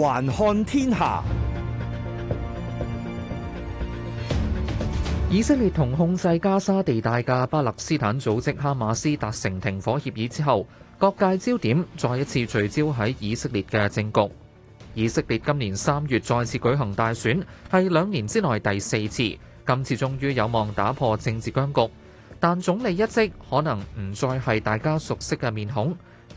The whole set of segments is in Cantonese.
環看天下，以色列同控制加沙地帶嘅巴勒斯坦組織哈馬斯達成停火協議之後，各界焦點再一次聚焦喺以色列嘅政局。以色列今年三月再次舉行大選，係兩年之內第四次，今次終於有望打破政治僵局，但總理一職可能唔再係大家熟悉嘅面孔。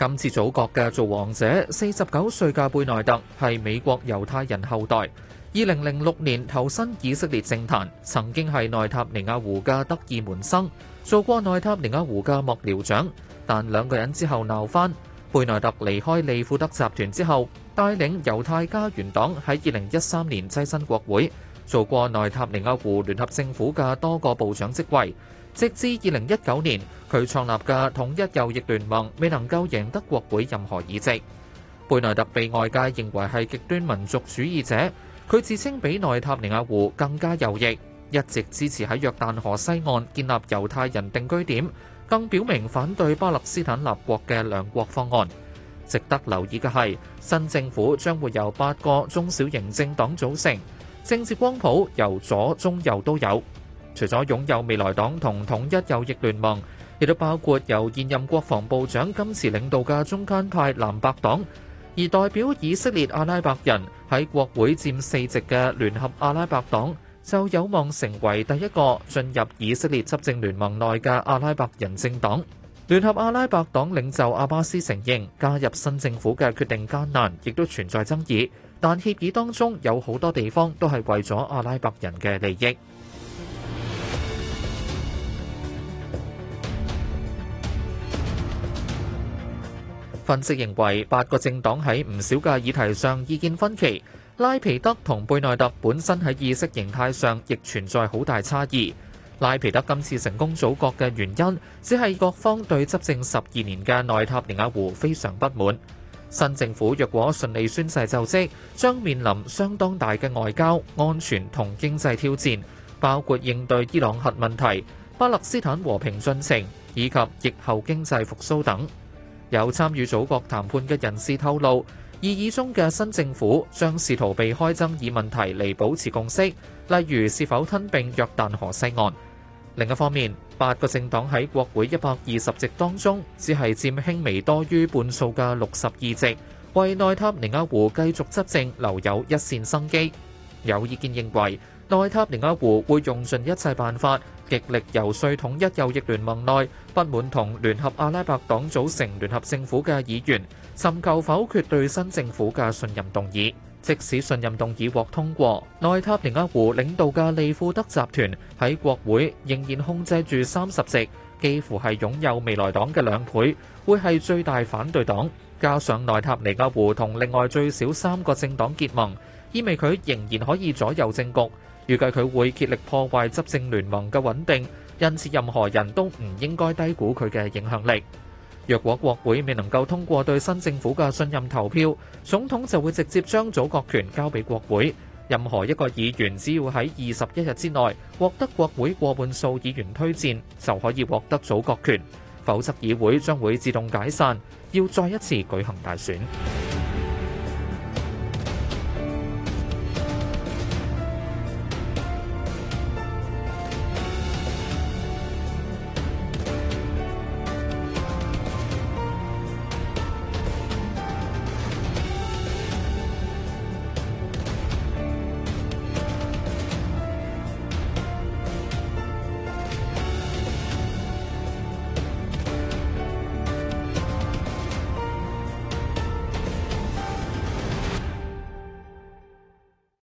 今次組閣嘅造王者，四十九歲嘅貝內特係美國猶太人後代。二零零六年投身以色列政壇，曾經係內塔尼亞胡嘅得意門生，做過內塔尼亞胡嘅幕僚長，但兩個人之後鬧翻。貝內特離開利庫德集團之後，帶領猶太家園黨喺二零一三年躋身國會，做過內塔尼亞胡聯合政府嘅多個部長職位。直至二零一九年，佢創立嘅統一右翼聯盟未能夠贏得國會任何議席。貝內特被外界認為係極端民族主義者，佢自稱比內塔尼亞胡更加右翼，一直支持喺約旦河西岸建立猶太人定居點，更表明反對巴勒斯坦立國嘅兩國方案。值得留意嘅係，新政府將會由八個中小型政黨組成，政治光譜由左、中、右都有。除咗擁有未來黨同統一右翼聯盟，亦都包括由現任國防部長甘茨領導嘅中間派藍白黨，而代表以色列阿拉伯人喺國會佔四席嘅聯合阿拉伯黨就有望成為第一個進入以色列執政聯盟內嘅阿拉伯人政黨。聯合阿拉伯黨領袖阿巴斯承認加入新政府嘅決定艱難，亦都存在爭議，但協議當中有好多地方都係為咗阿拉伯人嘅利益。分析認為，八個政黨喺唔少嘅議題上意見分歧。拉皮德同貝內特本身喺意識形態上亦存在好大差異。拉皮德今次成功組閣嘅原因，只係各方對執政十二年嘅內塔尼亞胡非常不滿。新政府若果順利宣誓就職，將面臨相當大嘅外交、安全同經濟挑戰，包括應對伊朗核問題、巴勒斯坦和平進程以及疫後經濟復甦等。有參與組閣談判嘅人士透露，意議中嘅新政府將試圖避開爭議問題嚟保持共識，例如是否吞併約旦河西岸。另一方面，八個政黨喺國會一百二十席當中，只係佔輕微多於半數嘅六十二席，為內塔尼亞胡繼續執政留有一線生機。有意見認為，內塔尼亞胡會用盡一切辦法，極力遊說統一右翼聯盟內不滿同聯合阿拉伯黨組成聯合政府嘅議員，尋求否決對新政府嘅信任動議。即使信任動議獲通過，內塔尼亞胡領導嘅利庫德集團喺國會仍然控制住三十席，幾乎係擁有未來黨嘅兩倍，會係最大反對黨。加上內塔尼亞胡同另外最少三個政黨結盟。意味佢仍然可以左右政局，預計佢會竭力破壞執政聯盟嘅穩定，因此任何人都唔應該低估佢嘅影響力。若果國會未能夠通過對新政府嘅信任投票，總統就會直接將組閣權交俾國會。任何一個議員只要喺二十一日之內獲得國會過半數議員推薦，就可以獲得組閣權；否則議會將會自動解散，要再一次舉行大選。